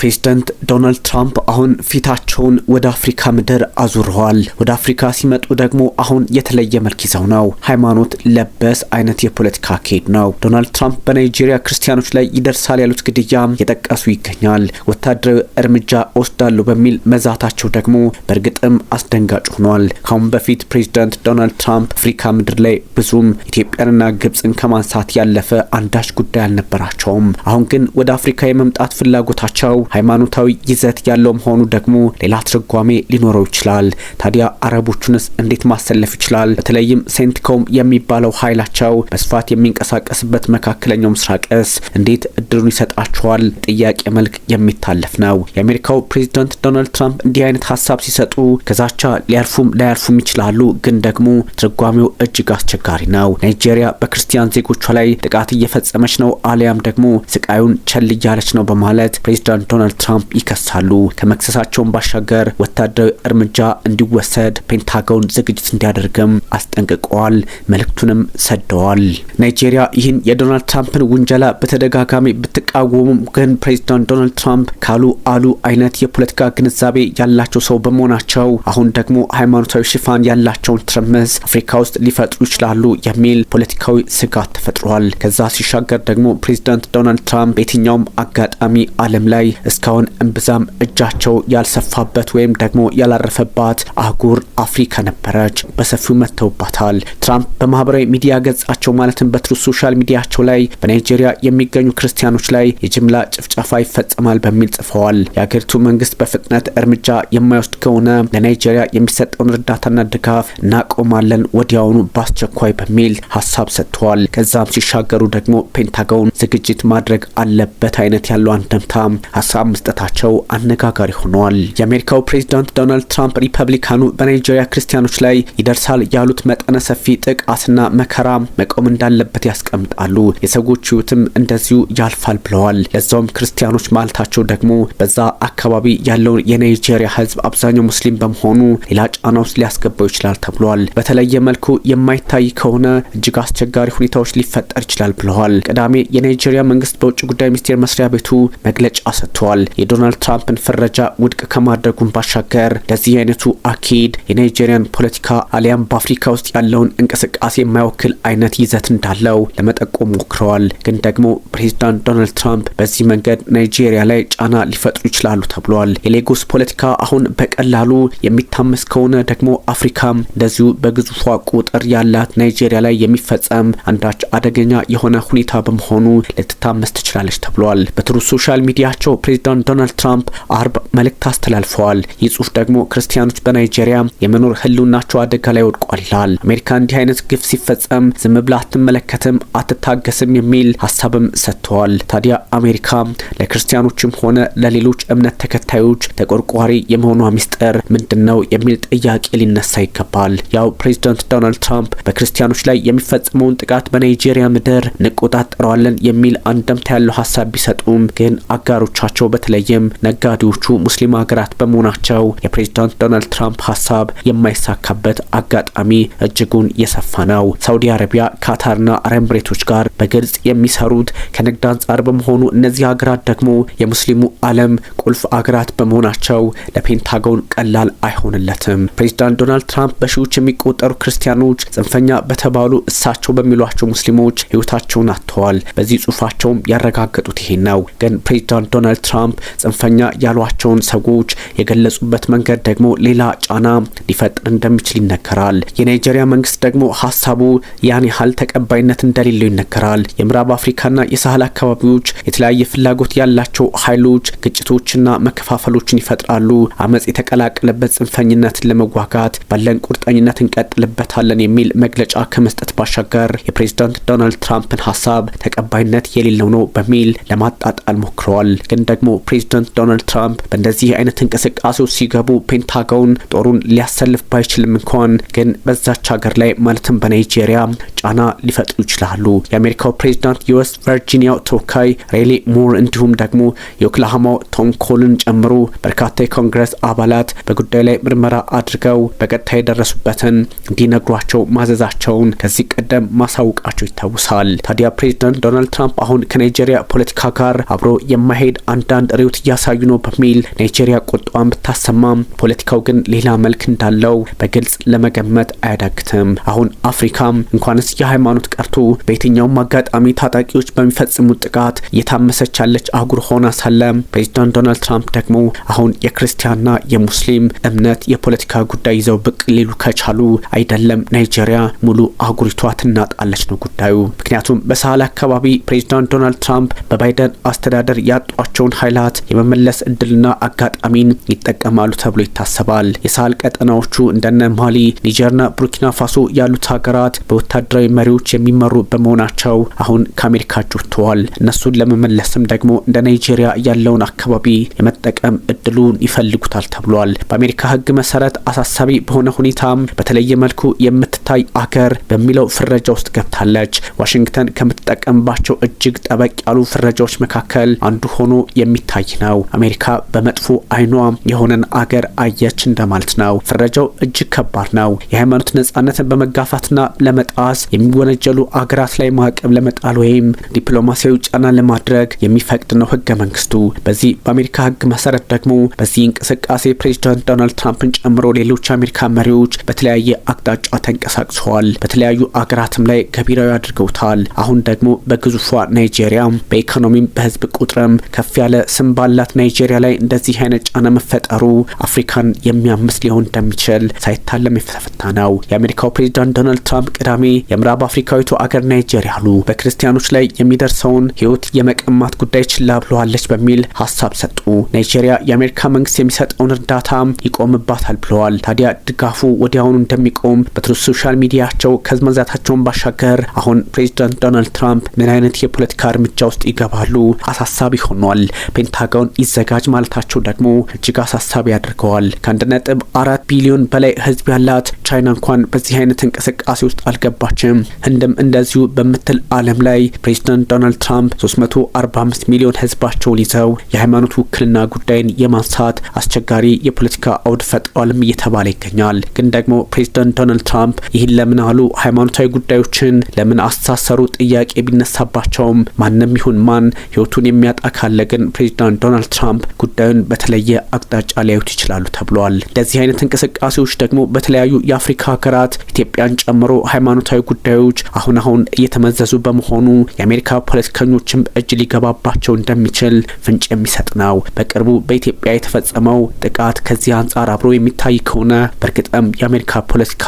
ፕሬዝደንት ዶናልድ ትራምፕ አሁን ፊታቸውን ወደ አፍሪካ ምድር አዙረዋል። ወደ አፍሪካ ሲመጡ ደግሞ አሁን የተለየ መልክ ይዘው ነው። ሃይማኖት ለበስ አይነት የፖለቲካ አካሄድ ነው። ዶናልድ ትራምፕ በናይጄሪያ ክርስቲያኖች ላይ ይደርሳል ያሉት ግድያ የጠቀሱ ይገኛል። ወታደራዊ እርምጃ ወስዳሉ በሚል መዛታቸው ደግሞ በእርግጥም አስደንጋጭ ሆኗል። ካሁን በፊት ፕሬዝደንት ዶናልድ ትራምፕ አፍሪካ ምድር ላይ ብዙም ኢትዮጵያንና ግብፅን ከማንሳት ያለፈ አንዳች ጉዳይ አልነበራቸውም። አሁን ግን ወደ አፍሪካ የመምጣት ፍላጎታቸው ሃይማኖታዊ ይዘት ያለው መሆኑ ደግሞ ሌላ ትርጓሜ ሊኖረው ይችላል። ታዲያ አረቦቹንስ እንዴት ማሰለፍ ይችላል? በተለይም ሴንትኮም የሚባለው ኃይላቸው በስፋት የሚንቀሳቀስበት መካከለኛው ምስራቅስ እንዴት እድሉን ይሰጣቸዋል? ጥያቄ መልክ የሚታለፍ ነው። የአሜሪካው ፕሬዚዳንት ዶናልድ ትራምፕ እንዲህ አይነት ሀሳብ ሲሰጡ ከዛቻ ሊያልፉም ላያልፉም ይችላሉ፣ ግን ደግሞ ትርጓሜው እጅግ አስቸጋሪ ነው። ናይጄሪያ በክርስቲያን ዜጎቿ ላይ ጥቃት እየፈጸመች ነው አሊያም ደግሞ ስቃዩን ቸል እያለች ነው በማለት ፕሬዚዳንት ዶናልድ ትራምፕ ይከሳሉ። ከመክሰሳቸውን ባሻገር ወታደራዊ እርምጃ እንዲወሰድ ፔንታጎን ዝግጅት እንዲያደርግም አስጠንቅቀዋል። መልእክቱንም ሰደዋል። ናይጄሪያ ይህን የዶናልድ ትራምፕን ውንጀላ በተደጋጋሚ ብትቃወሙም ግን ፕሬዚዳንት ዶናልድ ትራምፕ ካሉ አሉ አይነት የፖለቲካ ግንዛቤ ያላቸው ሰው በመሆናቸው አሁን ደግሞ ሃይማኖታዊ ሽፋን ያላቸውን ትርምስ አፍሪካ ውስጥ ሊፈጥሩ ይችላሉ የሚል ፖለቲካዊ ስጋት ተፈጥሯል። ከዛ ሲሻገር ደግሞ ፕሬዚዳንት ዶናልድ ትራምፕ በየትኛውም አጋጣሚ ዓለም ላይ እስካሁን እምብዛም እጃቸው ያልሰፋበት ወይም ደግሞ ያላረፈባት አህጉር አፍሪካ ነበረች። በሰፊው መጥተውባታል። ትራምፕ በማህበራዊ ሚዲያ ገጻቸው ማለትም በትሩ ሶሻል ሚዲያቸው ላይ በናይጄሪያ የሚገኙ ክርስቲያኖች ላይ የጅምላ ጭፍጨፋ ይፈጸማል በሚል ጽፈዋል። የአገሪቱ መንግስት በፍጥነት እርምጃ የማይወስድ ከሆነ ለናይጄሪያ የሚሰጠውን እርዳታና ድጋፍ እናቆማለን ወዲያውኑ በአስቸኳይ በሚል ሀሳብ ሰጥተዋል። ከዛም ሲሻገሩ ደግሞ ፔንታጎን ዝግጅት ማድረግ አለበት አይነት ያለው አንደምታም ሀሳብ መስጠታቸው አነጋጋሪ ሆኗል። የአሜሪካው ፕሬዚዳንት ዶናልድ ትራምፕ ሪፐብሊካኑ በናይጄሪያ ክርስቲያኖች ላይ ይደርሳል ያሉት መጠነ ሰፊ ጥቃትና መከራ መቆም እንዳለበት ያስቀምጣሉ፣ የሰዎች ህይወትም እንደዚሁ ያልፋል ብለዋል። ለዛውም ክርስቲያኖች ማለታቸው ደግሞ በዛ አካባቢ ያለውን የናይጄሪያ ህዝብ አብዛኛው ሙስሊም በመሆኑ ሌላ ጫና ውስጥ ሊያስገባው ይችላል ተብሏል። በተለየ መልኩ የማይታይ ከሆነ እጅግ አስቸጋሪ ሁኔታዎች ሊፈጠር ይችላል ብለዋል። ቅዳሜ የናይጄሪያ መንግስት በውጭ ጉዳይ ሚኒስቴር መስሪያ ቤቱ መግለጫ ሰጥቷል። አስረድተዋል። የዶናልድ ትራምፕን ፍረጃ ውድቅ ከማድረጉን ባሻገር ለዚህ አይነቱ አካሄድ የናይጄሪያን ፖለቲካ አሊያም በአፍሪካ ውስጥ ያለውን እንቅስቃሴ የማይወክል አይነት ይዘት እንዳለው ለመጠቆም ሞክረዋል። ግን ደግሞ ፕሬዚዳንት ዶናልድ ትራምፕ በዚህ መንገድ ናይጄሪያ ላይ ጫና ሊፈጥሩ ይችላሉ ተብሏል። የሌጎስ ፖለቲካ አሁን በቀላሉ የሚታመስ ከሆነ ደግሞ አፍሪካም እንደዚሁ በግዙፏ ቁጥር ያላት ናይጄሪያ ላይ የሚፈጸም አንዳች አደገኛ የሆነ ሁኔታ በመሆኑ ልትታመስ ትችላለች ተብሏል። በትሩ ሶሻል ሚዲያቸው ፕሬዚዳንት ዶናልድ ትራምፕ አርብ መልእክት አስተላልፈዋል። ይህ ጽሁፍ ደግሞ ክርስቲያኖች በናይጄሪያ የመኖር ህልውናቸው አደጋ ላይ ወድቋላል፣ አሜሪካ እንዲህ አይነት ግፍ ሲፈጸም ዝም ብላ አትመለከትም፣ አትታገስም የሚል ሀሳብም ሰጥተዋል። ታዲያ አሜሪካ ለክርስቲያኖችም ሆነ ለሌሎች እምነት ተከታዮች ተቆርቋሪ የመሆኗ ሚስጥር ምንድን ነው የሚል ጥያቄ ሊነሳ ይገባል። ያው ፕሬዚዳንት ዶናልድ ትራምፕ በክርስቲያኖች ላይ የሚፈጸመውን ጥቃት በናይጄሪያ ምድር እንቆጣጠረዋለን የሚል አንደምታ ያለው ሀሳብ ቢሰጡም ግን አጋሮቻቸው ናቸው። በተለይም ነጋዴዎቹ ሙስሊም ሀገራት በመሆናቸው የፕሬዚዳንት ዶናልድ ትራምፕ ሀሳብ የማይሳካበት አጋጣሚ እጅጉን የሰፋ ነው። ሳውዲ አረቢያ፣ ካታርና አረብ ኤምሬቶች ጋር በግልጽ የሚሰሩት ከንግድ አንጻር በመሆኑ እነዚህ ሀገራት ደግሞ የሙስሊሙ ዓለም ቁልፍ አገራት በመሆናቸው ለፔንታጎን ቀላል አይሆንለትም። ፕሬዚዳንት ዶናልድ ትራምፕ በሺዎች የሚቆጠሩ ክርስቲያኖች ጽንፈኛ በተባሉ እሳቸው በሚሏቸው ሙስሊሞች ህይወታቸውን አጥተዋል። በዚህ ጽሁፋቸውም ያረጋገጡት ይሄን ነው። ግን ፕሬዚዳንት ዶናልድ ትራምፕ ጽንፈኛ ያሏቸውን ሰዎች የገለጹበት መንገድ ደግሞ ሌላ ጫና ሊፈጥር እንደሚችል ይነገራል። የናይጄሪያ መንግስት ደግሞ ሀሳቡ ያን ያህል ተቀባይነት እንደሌለው ይነገራል። የምዕራብ አፍሪካና የሳህል አካባቢዎች የተለያየ ፍላጎት ያላቸው ኃይሎች ግጭቶችና መከፋፈሎችን ይፈጥራሉ። አመጽ የተቀላቀለበት ጽንፈኝነትን ለመዋጋት ባለን ቁርጠኝነት እንቀጥልበታለን የሚል መግለጫ ከመስጠት ባሻገር የፕሬዝዳንት ዶናልድ ትራምፕን ሀሳብ ተቀባይነት የሌለው ነው በሚል ለማጣጣል ሞክረዋል ግን ደግሞ ፕሬዚደንት ዶናልድ ትራምፕ በእንደዚህ አይነት እንቅስቃሴዎች ሲገቡ ፔንታጎን ጦሩን ሊያሰልፍ ባይችልም እንኳን ግን በዛች ሀገር ላይ ማለትም በናይጄሪያ ጫና ሊፈጥሩ ይችላሉ። የአሜሪካው ፕሬዚዳንት የዌስት ቨርጂኒያው ተወካይ ሬሊ ሙር እንዲሁም ደግሞ የኦክላሃማው ቶም ኮልን ጨምሮ በርካታ የኮንግረስ አባላት በጉዳዩ ላይ ምርመራ አድርገው በቀጥታ የደረሱበትን እንዲነግሯቸው ማዘዛቸውን ከዚህ ቀደም ማሳወቃቸው ይታወሳል። ታዲያ ፕሬዚዳንት ዶናልድ ትራምፕ አሁን ከናይጄሪያ ፖለቲካ ጋር አብሮ የማይሄድ አንድ የሱዳን ሪዮት እያሳዩ ነው በሚል ናይጄሪያ ቁጣዋን ብታሰማም ፖለቲካው ግን ሌላ መልክ እንዳለው በግልጽ ለመገመት አያዳግትም። አሁን አፍሪካም እንኳንስ የሃይማኖት ቀርቶ በየትኛውም አጋጣሚ ታጣቂዎች በሚፈጽሙት ጥቃት እየታመሰች ያለች አህጉር ሆና ሳለ ፕሬዚዳንት ዶናልድ ትራምፕ ደግሞ አሁን የክርስቲያንና የሙስሊም እምነት የፖለቲካ ጉዳይ ይዘው ብቅ ሊሉ ከቻሉ አይደለም ናይጄሪያ ሙሉ አህጉሪቷ ትናጣለች ነው ጉዳዩ። ምክንያቱም በሳህል አካባቢ ፕሬዚዳንት ዶናልድ ትራምፕ በባይደን አስተዳደር ያጧቸውን ኃይላት የመመለስ እድልና አጋጣሚን ይጠቀማሉ ተብሎ ይታሰባል። የሳህል ቀጠናዎቹ እንደነ ማሊ፣ ኒጀርና ቡርኪና ፋሶ ያሉት ሀገራት በወታደራዊ መሪዎች የሚመሩ በመሆናቸው አሁን ከአሜሪካ ጆተዋል። እነሱን ለመመለስም ደግሞ እንደ ናይጄሪያ ያለውን አካባቢ የመጠቀም እድሉን ይፈልጉታል ተብሏል። በአሜሪካ ህግ መሰረት አሳሳቢ በሆነ ሁኔታም በተለየ መልኩ የምት ተከታይ አከር በሚለው ፍረጃ ውስጥ ገብታለች። ዋሽንግተን ከምትጠቀምባቸው እጅግ ጠበቅ ያሉ ፍረጃዎች መካከል አንዱ ሆኖ የሚታይ ነው። አሜሪካ በመጥፎ አይኗ የሆነን አገር አየች እንደማለት ነው። ፍረጃው እጅግ ከባድ ነው። የሃይማኖት ነጻነትን በመጋፋትና ለመጣስ የሚወነጀሉ አገራት ላይ ማዕቀብ ለመጣል ወይም ዲፕሎማሲያዊ ጫና ለማድረግ የሚፈቅድ ነው ህገ መንግስቱ። በዚህ በአሜሪካ ህግ መሰረት ደግሞ በዚህ እንቅስቃሴ ፕሬዚዳንት ዶናልድ ትራምፕን ጨምሮ ሌሎች የአሜሪካ መሪዎች በተለያየ አቅጣጫ ተንቀሳ አንቀሳቅሰዋል። በተለያዩ አገራትም ላይ ገቢራዊ አድርገውታል። አሁን ደግሞ በግዙፏ ናይጄሪያ በኢኮኖሚም በህዝብ ቁጥርም ከፍ ያለ ስም ባላት ናይጄሪያ ላይ እንደዚህ አይነት ጫና መፈጠሩ አፍሪካን የሚያምስ ሊሆን እንደሚችል ሳይታለም የተፈታ ነው። የአሜሪካው ፕሬዚዳንት ዶናልድ ትራምፕ ቅዳሜ የምዕራብ አፍሪካዊቱ አገር ናይጄሪያ አሉ በክርስቲያኖች ላይ የሚደርሰውን ህይወት የመቀማት ጉዳይ ችላ ብለዋለች በሚል ሀሳብ ሰጡ። ናይጄሪያ የአሜሪካ መንግስት የሚሰጠውን እርዳታ ይቆምባታል ብለዋል። ታዲያ ድጋፉ ወዲያውኑ እንደሚቆም በትሩዝ ሶሻል ሚዲያቸው ከመዛታቸውን ባሻገር አሁን ፕሬዚዳንት ዶናልድ ትራምፕ ምን አይነት የፖለቲካ እርምጃ ውስጥ ይገባሉ አሳሳቢ ሆኗል። ፔንታጎን ይዘጋጅ ማለታቸው ደግሞ እጅግ አሳሳቢ አድርገዋል። ከአንድ ነጥብ አራት ቢሊዮን በላይ ህዝብ ያላት ቻይና እንኳን በዚህ አይነት እንቅስቃሴ ውስጥ አልገባችም። ህንድም እንደዚሁ በምትል ዓለም ላይ ፕሬዚዳንት ዶናልድ ትራምፕ 345 ሚሊዮን ህዝባቸውን ይዘው የሃይማኖት ውክልና ጉዳይን የማንሳት አስቸጋሪ የፖለቲካ አውድ ፈጥሯልም እየተባለ ይገኛል። ግን ደግሞ ፕሬዚዳንት ዶናልድ ትራምፕ ይህን ለምን አሉ ሃይማኖታዊ ጉዳዮችን ለምን አስተሳሰሩ ጥያቄ ቢነሳባቸውም ማንም ይሁን ማን ህይወቱን የሚያጣ ካለ ግን ፕሬዚዳንት ዶናልድ ትራምፕ ጉዳዩን በተለየ አቅጣጫ ሊያዩት ይችላሉ ተብሏል። እንደዚህ አይነት እንቅስቃሴዎች ደግሞ በተለያዩ የአፍሪካ ሀገራት ኢትዮጵያን ጨምሮ ሃይማኖታዊ ጉዳዮች አሁን አሁን እየተመዘዙ በመሆኑ የአሜሪካ ፖለቲከኞችም እጅ ሊገባባቸው እንደሚችል ፍንጭ የሚሰጥ ነው። በቅርቡ በኢትዮጵያ የተፈጸመው ጥቃት ከዚህ አንጻር አብሮ የሚታይ ከሆነ በእርግጥም የአሜሪካ ፖለቲካ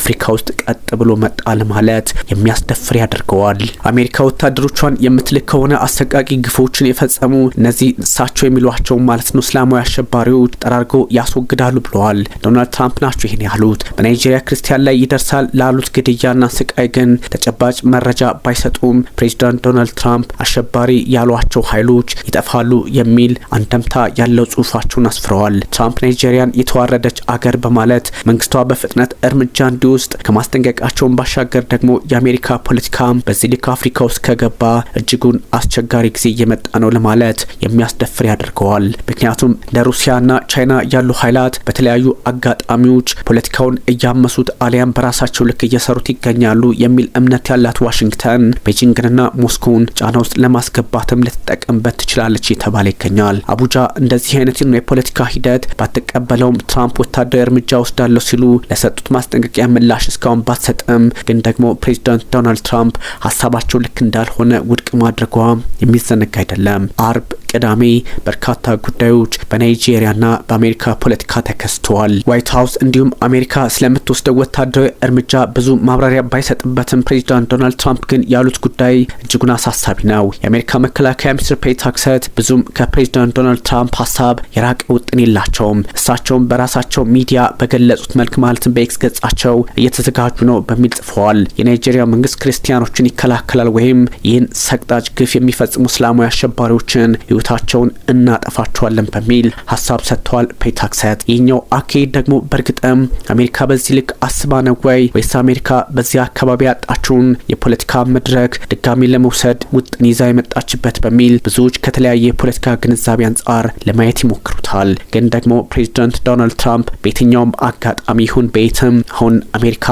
አፍሪካ አሜሪካ ውስጥ ቀጥ ብሎ መጣል ማለት የሚያስደፍር ያደርገዋል። አሜሪካ ወታደሮቿን የምትልክ ከሆነ አሰቃቂ ግፎችን የፈጸሙ እነዚህ እሳቸው የሚሏቸው ማለት ነው እስላማዊ አሸባሪዎች ጠራርገው ያስወግዳሉ ብለዋል። ዶናልድ ትራምፕ ናቸው ይህን ያሉት። በናይጄሪያ ክርስቲያን ላይ ይደርሳል ላሉት ግድያና ስቃይ ግን ተጨባጭ መረጃ ባይሰጡም ፕሬዚዳንት ዶናልድ ትራምፕ አሸባሪ ያሏቸው ኃይሎች ይጠፋሉ የሚል አንደምታ ያለው ጽሁፋቸውን አስፍረዋል። ትራምፕ ናይጄሪያን የተዋረደች አገር በማለት መንግስቷ በፍጥነት እርምጃ እንዲወስ ውስጥ ከማስጠንቀቃቸውን ባሻገር ደግሞ የአሜሪካ ፖለቲካ በዚህ ልክ አፍሪካ ውስጥ ከገባ እጅጉን አስቸጋሪ ጊዜ እየመጣ ነው ለማለት የሚያስደፍር ያደርገዋል። ምክንያቱም እንደ ሩሲያና ቻይና ያሉ ኃይላት በተለያዩ አጋጣሚዎች ፖለቲካውን እያመሱት አሊያም በራሳቸው ልክ እየሰሩት ይገኛሉ የሚል እምነት ያላት ዋሽንግተን ቤጂንግንና ሞስኮውን ጫና ውስጥ ለማስገባትም ልትጠቀምበት ትችላለች የተባለ ይገኛል። አቡጃ እንደዚህ አይነትን የፖለቲካ ሂደት ባትቀበለውም ትራምፕ ወታደራዊ እርምጃ ወስዳለሁ ሲሉ ለሰጡት ማስጠንቀቂያ ምላ ምላሽ እስካሁን ባትሰጥም ግን ደግሞ ፕሬዚዳንት ዶናልድ ትራምፕ ሀሳባቸው ልክ እንዳልሆነ ውድቅ ማድረጓ የሚዘነጋ አይደለም። አርብ ቅዳሜ በርካታ ጉዳዮች በናይጄሪያና በአሜሪካ ፖለቲካ ተከስተዋል። ዋይት ሀውስ እንዲሁም አሜሪካ ስለምትወስደው ወታደራዊ እርምጃ ብዙ ማብራሪያ ባይሰጥበትም ፕሬዚዳንት ዶናልድ ትራምፕ ግን ያሉት ጉዳይ እጅጉን አሳሳቢ ነው። የአሜሪካ መከላከያ ሚኒስትር ፔት ብዙም ከፕሬዚዳንት ዶናልድ ትራምፕ ሀሳብ የራቀ ውጥን የላቸውም። እሳቸውም በራሳቸው ሚዲያ በገለጹት መልክ ማለትም በኤክስ ገጻቸው እየተዘጋጁ ነው በሚል ጽፈዋል። የናይጄሪያ መንግስት ክርስቲያኖችን ይከላከላል ወይም ይህን ሰቅጣጭ ግፍ የሚፈጽሙ እስላማዊ አሸባሪዎችን ህይወታቸውን እናጠፋቸዋለን በሚል ሀሳብ ሰጥተዋል። ፔታክሰት ይህኛው አካሄድ ደግሞ በእርግጥም አሜሪካ በዚህ ልክ አስባ ነው ወይ ወይስ አሜሪካ በዚህ አካባቢ ያጣችውን የፖለቲካ መድረክ ድጋሚ ለመውሰድ ውጥን ይዛ የመጣችበት በሚል ብዙዎች ከተለያየ የፖለቲካ ግንዛቤ አንጻር ለማየት ይሞክሩታል። ግን ደግሞ ፕሬዚደንት ዶናልድ ትራምፕ በየትኛውም አጋጣሚ ይሁን በየትም አሁን አሜሪካ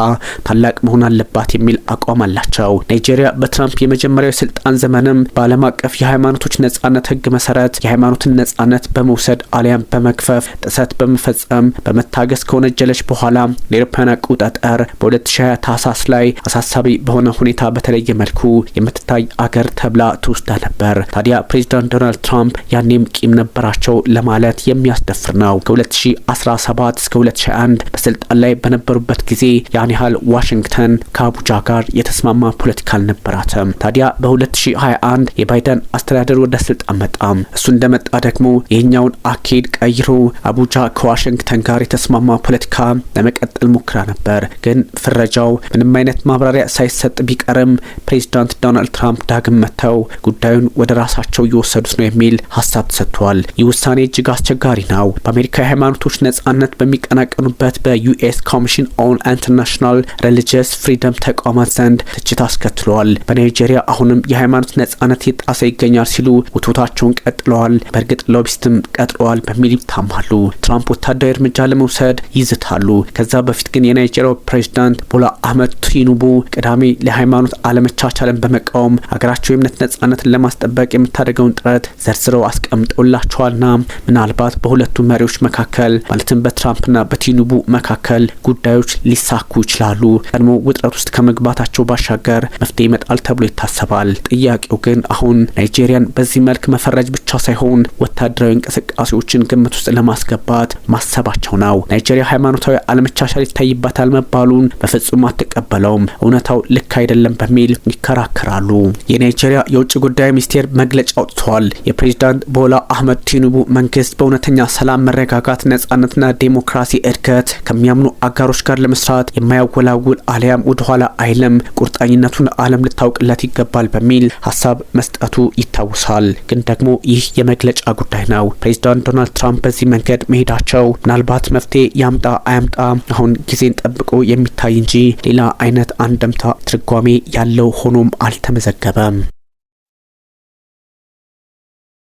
ታላቅ መሆን አለባት የሚል አቋም አላቸው። ናይጄሪያ በትራምፕ የመጀመሪያው የስልጣን ዘመንም በዓለም አቀፍ የሃይማኖቶች ነጻነት ህግ መሰረት የሃይማኖትን ነጻነት በመውሰድ አሊያም በመክፈፍ ጥሰት በመፈጸም በመታገስ ከወነጀለች በኋላ ለኤሮፓውያን አቆጣጠር በ2020 ታህሳስ ላይ አሳሳቢ በሆነ ሁኔታ በተለየ መልኩ የምትታይ አገር ተብላ ትውስዳ ነበር። ታዲያ ፕሬዚዳንት ዶናልድ ትራምፕ ያኔም ቂም ነበራቸው ለማለት የሚያስደፍር ነው። ከ2017 እስከ 2021 በስልጣን ላይ በነበሩበት ጊዜ ያን ያህል ዋሽንግተን ከአቡጃ ጋር የተስማማ ፖለቲካ አልነበራትም። ታዲያ በ2021 የባይደን አስተዳደር ወደ ስልጣን መጣ። አልመጣም። እሱ እንደመጣ ደግሞ ይህኛውን አካሄድ ቀይሮ አቡጃ ከዋሽንግተን ጋር የተስማማ ፖለቲካ ለመቀጠል ሞክራ ነበር። ግን ፍረጃው ምንም አይነት ማብራሪያ ሳይሰጥ ቢቀርም ፕሬዚዳንት ዶናልድ ትራምፕ ዳግም መጥተው ጉዳዩን ወደ ራሳቸው እየወሰዱት ነው የሚል ሀሳብ ተሰጥቷል። ይህ ውሳኔ እጅግ አስቸጋሪ ነው። በአሜሪካ የሃይማኖቶች ነጻነት በሚቀናቀኑበት በዩኤስ ኮሚሽን ኦን ኢንተርናሽናል ሬሊጂየስ ፍሪደም ተቋማት ዘንድ ትችት አስከትሏል። በናይጄሪያ አሁንም የሃይማኖት ነጻነት የጣሰ ይገኛል ሲሉ ውቶታቸውን ቀጥለዋል፣ በእርግጥ ሎቢስትም ቀጥለዋል በሚል ይታማሉ። ትራምፕ ወታደራዊ እርምጃ ለመውሰድ ይዝታሉ። ከዛ በፊት ግን የናይጄሪያው ፕሬዚዳንት ቦላ አህመድ ቲኑቡ ቅዳሜ ለሃይማኖት አለመቻቻልን በመቃወም ሀገራቸው የእምነት ነጻነትን ለማስጠበቅ የምታደርገውን ጥረት ዘርዝረው አስቀምጠውላቸዋልና ምናልባት በሁለቱ መሪዎች መካከል ማለትም በትራምፕና በቲኑቡ መካከል ጉዳዮች ሊሳኩ ይችላሉ። ቀድሞ ውጥረት ውስጥ ከመግባታቸው ባሻገር መፍትሄ ይመጣል ተብሎ ይታሰባል። ጥያቄው ግን አሁን ናይጄሪያን በዚህ መልክ መፈረጅ ማደራጀት ብቻ ሳይሆን ወታደራዊ እንቅስቃሴዎችን ግምት ውስጥ ለማስገባት ማሰባቸው ነው። ናይጄሪያ ሃይማኖታዊ አለመቻቻል ይታይባታል መባሉን በፍጹም አትቀበለውም፣ እውነታው ልክ አይደለም በሚል ይከራከራሉ። የናይጄሪያ የውጭ ጉዳይ ሚኒስቴር መግለጫ አውጥተዋል። የፕሬዚዳንት ቦላ አህመድ ቲኑቡ መንግስት በእውነተኛ ሰላም፣ መረጋጋት፣ ነጻነትና ዴሞክራሲ እድገት ከሚያምኑ አጋሮች ጋር ለመስራት የማያወላውል አሊያም ወደኋላ አይለም ቁርጠኝነቱን አለም ልታውቅለት ይገባል በሚል ሀሳብ መስጠቱ ይታወሳል። ግን ደግሞ ደግሞ ይህ የመግለጫ ጉዳይ ነው። ፕሬዚዳንት ዶናልድ ትራምፕ በዚህ መንገድ መሄዳቸው ምናልባት መፍትሄ ያምጣ አያምጣ አሁን ጊዜን ጠብቆ የሚታይ እንጂ ሌላ አይነት አንደምታ ትርጓሜ ያለው ሆኖም አልተመዘገበም።